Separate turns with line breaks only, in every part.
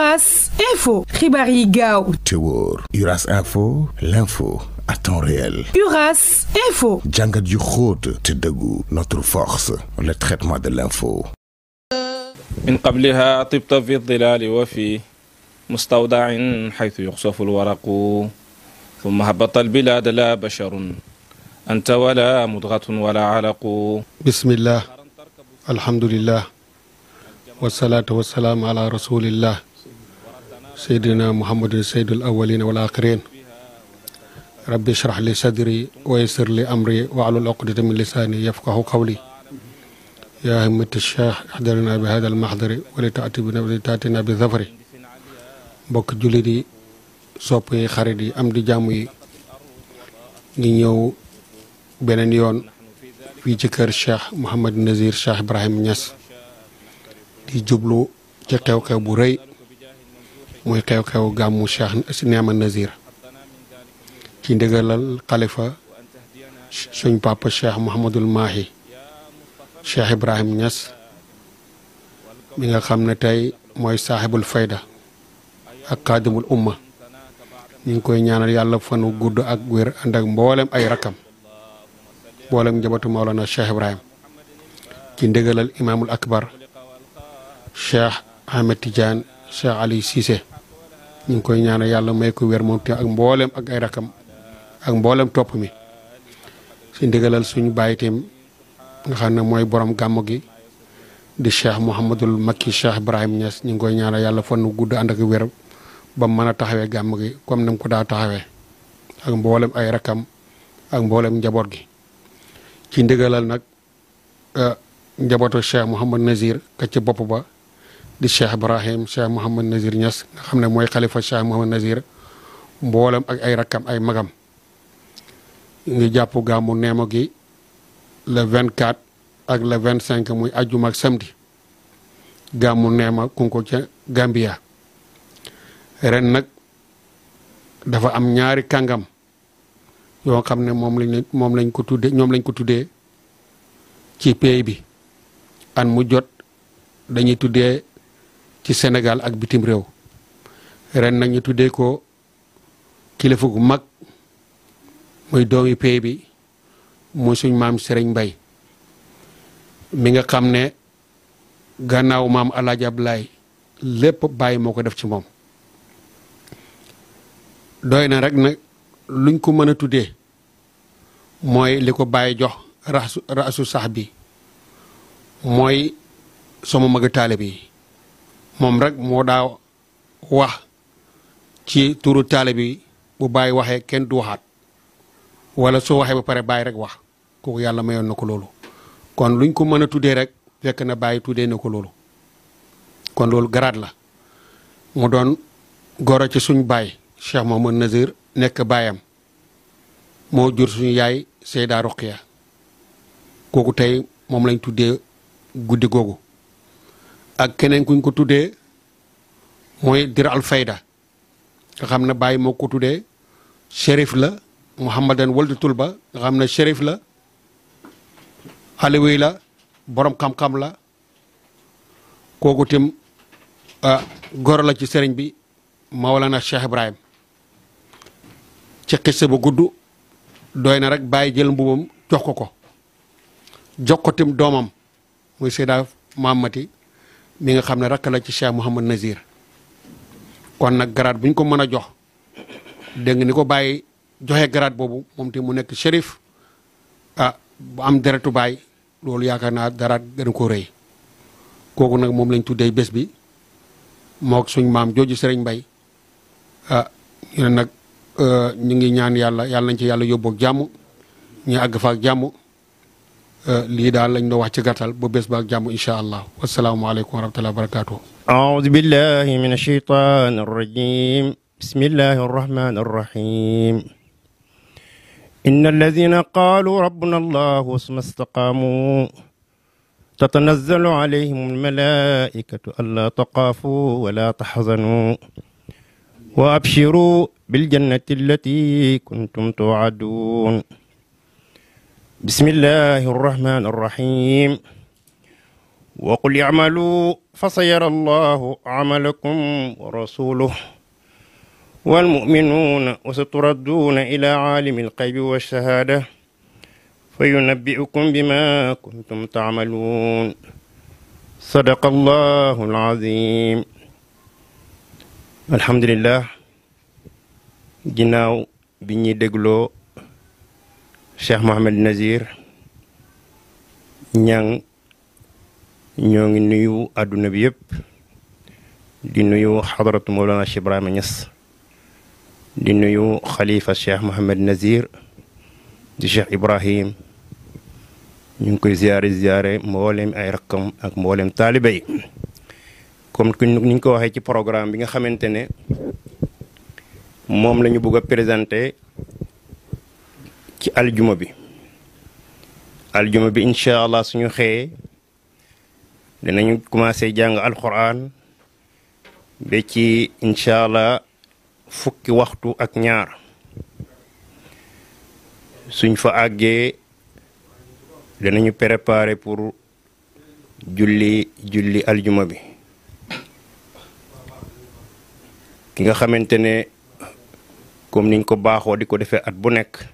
Uras Info. Ribari Gao. Tewor. Uras Info. L'info à temps réel. Uras Info. Django du Tedegu. Notre force. Le traitement de l'info.
من قبلها طبت في الظلال وفي مستودع حيث يقصف الورق ثم هبط البلاد لا بشر أنت ولا مضغة ولا علق
بسم الله الحمد لله والصلاة والسلام على رسول الله سيدنا محمد سيد الأولين والآخرين ربي اشرح لي صدري ويسر لي أمري وعلو العقدة من لساني يفقه قولي يا همة الشيخ احضرنا بهذا المحضر ولتأتي بنا ولتأتينا بظفري بك جلدي صوبي خريدي أمدي جامي نيو بنان يون في جكر الشيخ محمد النزير الشيخ إبراهيم نياس دي جبلو جكاو بوري muy xew-xew gàmmu Cheikh Neema Nazir ci ndigalal xalifa suñ papa Cheikh Mouhamadul Mahi Cheikh Ibrahim ñas mi nga xam ne tey mooy saaxibul fayda ak xaadimul umma ñu ngi koy ñaanal yàlla fanu gudd ak wér ànd ak mboolem ay rakam mboolem njabootu Mawlana Cheikh Ibrahim ci ndigalal imaamul akbar Cheikh Ahmed Tidiane Cheikh Ali Cissé ñu ngi koy ñaanal yàlla may ko wér moom te ak mboolem ak ay rakam ak mbooleem topp mi si ndigalal suñu bàyyi itam nga xam ne mooy borom gàmm gi di cheikh Mouhamadul Makki cheikh Ibrahim Niass ñu ngi koy ñaanal yàlla fan nu gudd ànd ak wér ba mu mën a taxawee gàmm gi comme mu ko daa taxawee ak mboolem ay rakam ak mbooleem njaboot gi ci ndigalal nag eh, njabootu cheikh Mouhamad Nazir ka ci bopp ba. di Cheikh Ibrahim Cheikh Mouhamad Nazir Niass nga xam ne mooy xalifa Cheikh Mouhamad Nazir mboolam ak ay rakkam ay magam ngi jàpp gàmmu neemo gi le 24 ak le 25 muy àjjuma ak samedi gàmmu neema kunko ca Gambia ren nag dafa am ñaari kàngam yoo xam ne moom lañ moom lañ ko tuddee ñoom lañ ko tuddee ci pays bi an mu jot dañuy tuddee ci Sénégal ak bitim réew ren nag ñu tuddee ko kilifa gu mag muy doomi pay bi muy suñ maam Serigne Mbaye mi nga xam ne gannaaw maam El Hadj lépp bàyyi moo ko def ci moom doy na rek nag luñ ko mën a tuddee mooy li ko bàyyi jox rasu rasu sax bi mooy sama mag taalibe yi moom rek moo daa wax ci turu taale bi bu bàyyi waxee kenn du waxaat wala soo waxee ba pare bàyyi rek wax kooku yàlla mayoon na ko loolu kon luñ ko mën a tuddee rek fekk na bàyyi tuddee na ko loolu kon loolu garaat la mu doon goro ci suñ baay Cheikh Mohamad Nazir nekk baayam moo jur suñu yaay Seyda Roqiya kooku tey moom lañ tuddee guddi googu ak keneen kuñ ko tuddee mooy dir al fayda nga xam ne bàyyi moo ko tuddee shérif la xam ma muhammadan waldu ba nga xam na shérif la aliwi la boroom xam-xam la kooku tim ah, goro la ci sëriñ bi Mawlana Cheikh Ibrahim ci xisse ba gudd doy na rek bàyyi jël mbubam jox ko ko jox ko tim doomam muy Seyda Mamati mi nga xam ne rakk la ci Cheikh Mouhamad Nazir kon nag garaat bu ñu ko mën a jox dégg nga ni ko bàyyi joxe garaat boobu moom ti mu nekk shérif ah bu am deretu baay loolu yaakaar naa daraat gën ko rëy kooku nag moom lañ tuddee bés bi mook suñ maam jooju sëriñ mbay ah ñu ne nag euh, ñu ngi ñaan yàlla yàlla nañ ci yàlla yóbbook jàmm ñu àgg faak jàmm li daal lañ do wax ci gatal bu bés baak jàmm incha allah alaykum wa rahmatullahi wa barakatuh
aoudu billahi minash shaitanir rajim bismillahir rahmanir rahim إن الذين قالوا ربنا الله ثم استقاموا تتنزل عليهم الملائكة ألا تخافوا ولا تحزنوا وأبشروا بالجنة التي كنتم توعدون بسم الله الرحمن الرحيم وقل اعملوا فسيرى الله عملكم ورسوله والمؤمنون وستردون إلى عالم الغيب والشهادة فينبئكم بما كنتم تعملون صدق الله العظيم الحمد لله جناو بني دغلو Cheikh Mohamed Nazir ñang ñoo ngi nuyu àdduna bi yëpp di nuyu xadaratu Mawlana Cheikh Ibrahima Niass di nuyu xalifa Cheikh Mohamed Nazir di Cheikh Ibrahim ñu ngi koy ziare ziare mboolem ay rakkam ak mboolem taalibe yi comme ni ñu ko waxee ci programme bi nga xamante ne moom la ñu bëgg a présenté ci aljuma bi aljuma bi insha allah suñu xëyee dinañu commencé jang alquran be ci insha allah fukki waxtu ak ñaar suñ fa agge dinañu préparer pour julli julli aljuma bi ki nga xamantene comme niñ ko baxo di defé at bu nek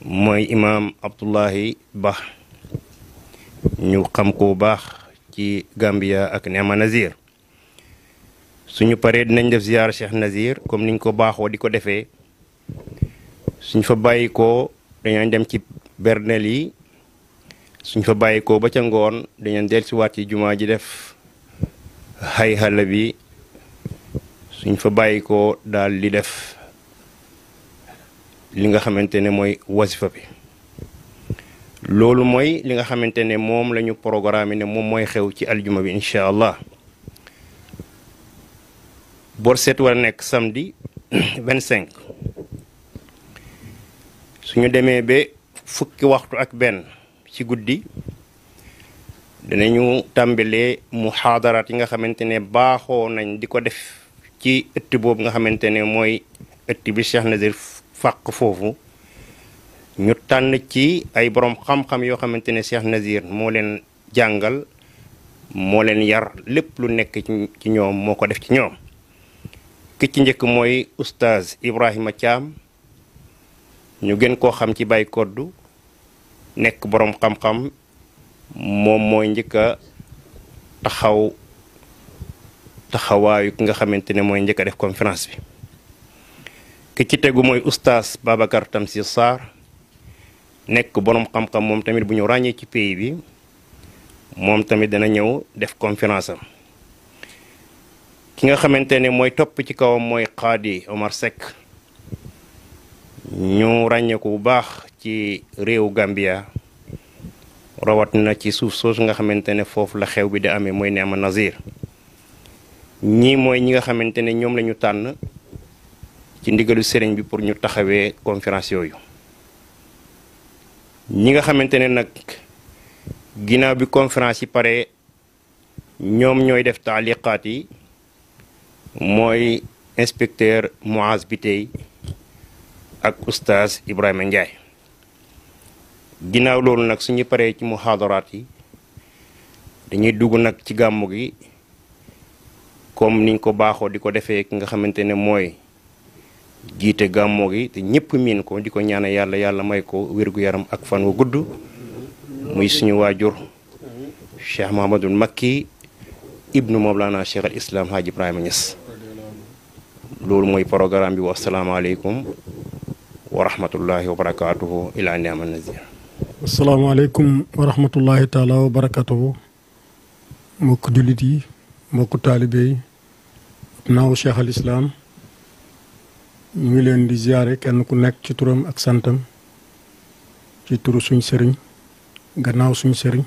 mooy imaam Abdullahi Ba ñu xam ko bu baax ci Gambia ak Nema Nazir suñu paree dinañ def ziar Cheikh Nazir comme niñ ko baaxoo di ko defee suñ fa bàyyi ko dañu dem ci bernel yi suñ fa bàyyi ko ba ca ngoon dañu del ci jumaa ji def xay xala bi suñ fa bàyyi ko daal di def li nga xamante ne mooy wasifa bi loolu mooy li nga xamante ne moom lañu ñu programme ne moom mooy xew ci aljuma bi incha allah borset war a nekk samedi su ñu demee ba fukki waxtu ak benn ci guddi danañu tàmbalee muxaadaraat yi nga xamante ne baaxoo nañ di ko def ci ëtt boobu nga xamante ne mooy ëtt bi Cheikh Nazir Fak fofu ñu tànn ci ay borom xam-xam yoo xamante ne Cheikh Nazir moo leen jàngal moo leen yar lépp lu nekk ci ñoom moo ko def ci ñoom ki ci njëkk mooy oustaz Ibrahima Thiam ñu gën koo xam ci Baye Koddu nekk borom xam-xam moom mooy njëkk a taxaw taxawaayu ki nga xamante ne mooy njëkk a def conférence bi ki ci tegu mooy oustaz Babacar Tamsir Sarr nekk borom xam-xam moom tamit bu ñu ràññee ci pays bi moom tamit dana ñëw def conférence am ki nga xamante ne mooy topp ci kawam mooy Xaadi Omar Seck ñu ràññee ko bu baax ci réewu Gambia rawat na ci suuf soosu nga xamante ne foofu la xew bi di amee mooy Nema Nazir ñii mooy ñi nga xamante ne ñoom lañu tànn ci ndigalu sëriñ bi pour ñu taxawee conférence yooyu ñi nga xamante ne nag ginaaw bi conférence yi pare ñoom ñooy def taaliqaat yi mooy inspecteur Moaz Bitey ak oustaz Ibrahima Ndiaye ginnaaw loolu nag suñu paree ci mu yi dañuy dugg nag ci gàmmu gi comme niñ ko baaxoo di ko defee ki nga xamante ne mooy jiite gàmmoo gi te ñëpp miin ko di ko ñaane yàlla yàlla may ko wér-gu-yaram ak fan wu gudd muy suñu waajur cheikh mahamadul makki ibnu mawlana cheikh al islam haaj ibrahima ñes loolu mooy programme bi wa asalaamaaleykum wa rahmatullahi wa barakatuhu ila
wa rahmatullahi mbokk jullit yi mbokk taalibe yi naaw cheikh ñu ngi leen di ziare kenn ku nekk ci turam ak santam ci turu suñ sëriñ gannaaw suñ sëriñ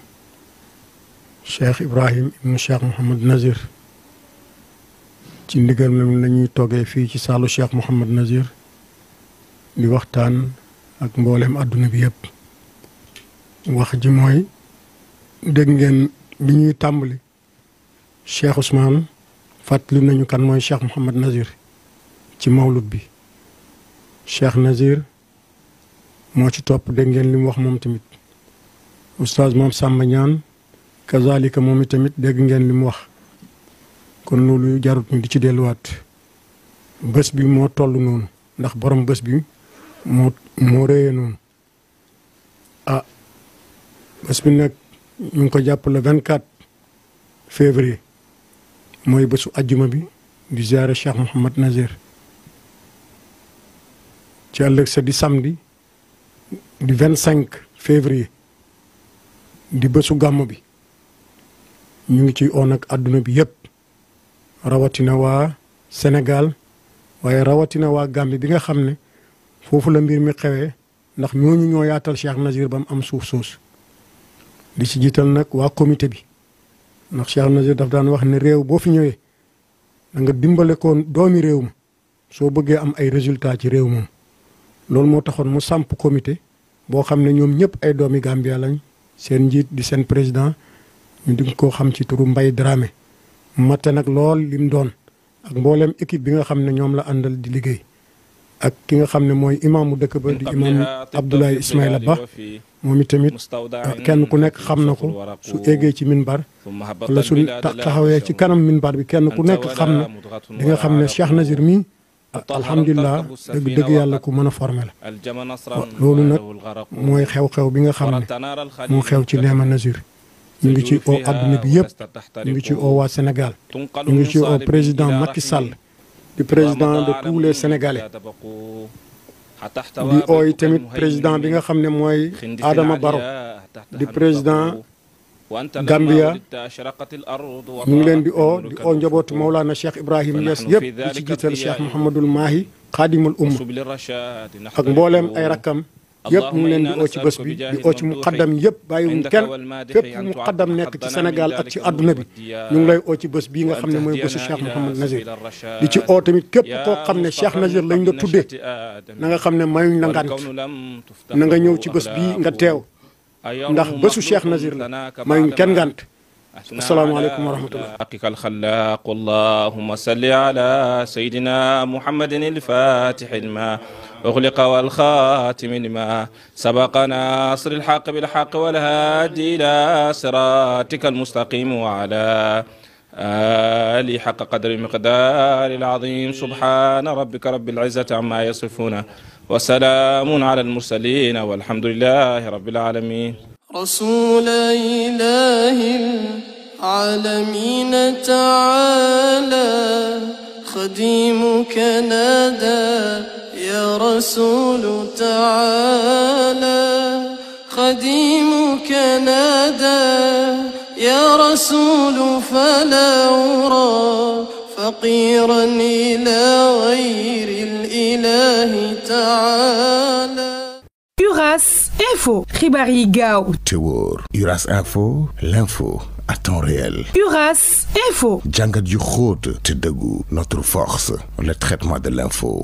cheikh ibrahim ibnu cheikh mohamad nazir ci ndigal lañuy la toogee fii ci saalu cheikh mohamad nazir di waxtaan ak mbooleem àdduna bi yëpp wax ji mooy dégg ngeen bi ñuy tàmbali cheikh ousmane fàttali nañu kan mooy cheikh mohamad nazir ci mawlud bi Cheikh Nazir moo ci topp dégg ngeen li mu wax moom tamit oustaz moom Samba Ñaan kazalika moom i tamit dégg ngeen li mu wax kon loolu jarut ñu di ci delluwaat bés bi moo toll noonu ndax borom bés bi moo moo réyee noonu ah bés bi nag ñu ngi ko jàpp le 24 février mooy bésu ajjuma bi di ziare Cheikh Mouhamad Nazir ci ëllëg sa di samedi di vingt cinq février di bësu gàmm bi ñu ngi ci on ak àdduna bi yëpp rawatina waa Sénégal waaye rawatina waa Gambie bi nga xam ne foofu la mbir mi xewee ndax ñooñu ñoo yaatal Cheikh Nazir ba mu am suuf soosu di ci jiital nag waa comité bi ndax Cheikh Nazir daf daan wax ne réew boo fi ñëwee da nga dimbale ko doomi réew ma soo bëggee am ay résultats ci réew moom loolu moo taxoon mu samp comité boo xam ne ñoom ñëpp ay doomi Gambia lañ seen njiit di seen président ñu di koo xam ci turu Mbay Dramé matte nag lool lim doon ak mbooleem équipe bi nga xam ne ñoom la àndal di liggéey ak ki nga xam ne mooy imaamu dëkk ba di imaam Abdoulaye Ismaila Ba moom itamit ah, kenn ku nekk xam na ko
su eggee ci
minbar wala su taxawee ci kanam minbar bi kenn ku nekk xam na di nga xam ne Cheikh Nazir mii الحمد لله دق دق يالله كو مانا فورمال لولو نك موي خيو خيو بيغا خامني مو خيو تي نيما نزير
نيغي تي او ادنا بي ييب نيغي تي او وا سينيغال نيغي تي او بريزيدان ماكي سال دي بريزيدان دو تو لي سينيغالي دي او اي تيميت بريزيدان بيغا خامني موي ادما بارو دي بريزيدان Gambia ñu ngi leen di oo
di oo njabootu maulana Cheikh Ibrahim yes yépp di ci jiital Cheikh Mouhamadul Mahi xaadimul umma
ak mbooleem ay rakkam yépp mu ngi leen di oo ci bés bi di oo ci muqaddam yépp bàyyiwuñ kenn fépp
muqaddam nekk ci Sénégal ak ci àdduna bi ñu ngi lay oo ci bés bi nga xam ne mooy bésu Cheikh Mouhamad Nazir di ci oo tamit képp koo xam ne Cheikh Nazir lañ la tuddee na nga xam ne mayuñ la ngant na nga ñëw ci bés bii nga teew
ndax bésu Cheikh Nazir la mayuñ kenn السلام عليكم ورحمة الله حقك الخلاق اللهم صل على سيدنا محمد الفاتح لما أغلق والخاتم لما سبق ناصر الحق بالحق والهادي إلى صراطك المستقيم وعلى آلي حق قدر المقدار العظيم سبحان ربك رب العزة عما يصفون وسلام على المرسلين والحمد لله رب العالمين
رسول إله العالمين تعالى خديمك نادى يا رسول تعالى خديمك نادى يا رسول فلا أرى فقيرا إلى غير الإله تعالى Uras إنفو خباري Gao. تور
Uras إنفو لنفو à temps réel. Uras Info. Djangadioukhout, Tedagu, notre force, le traitement de l'info.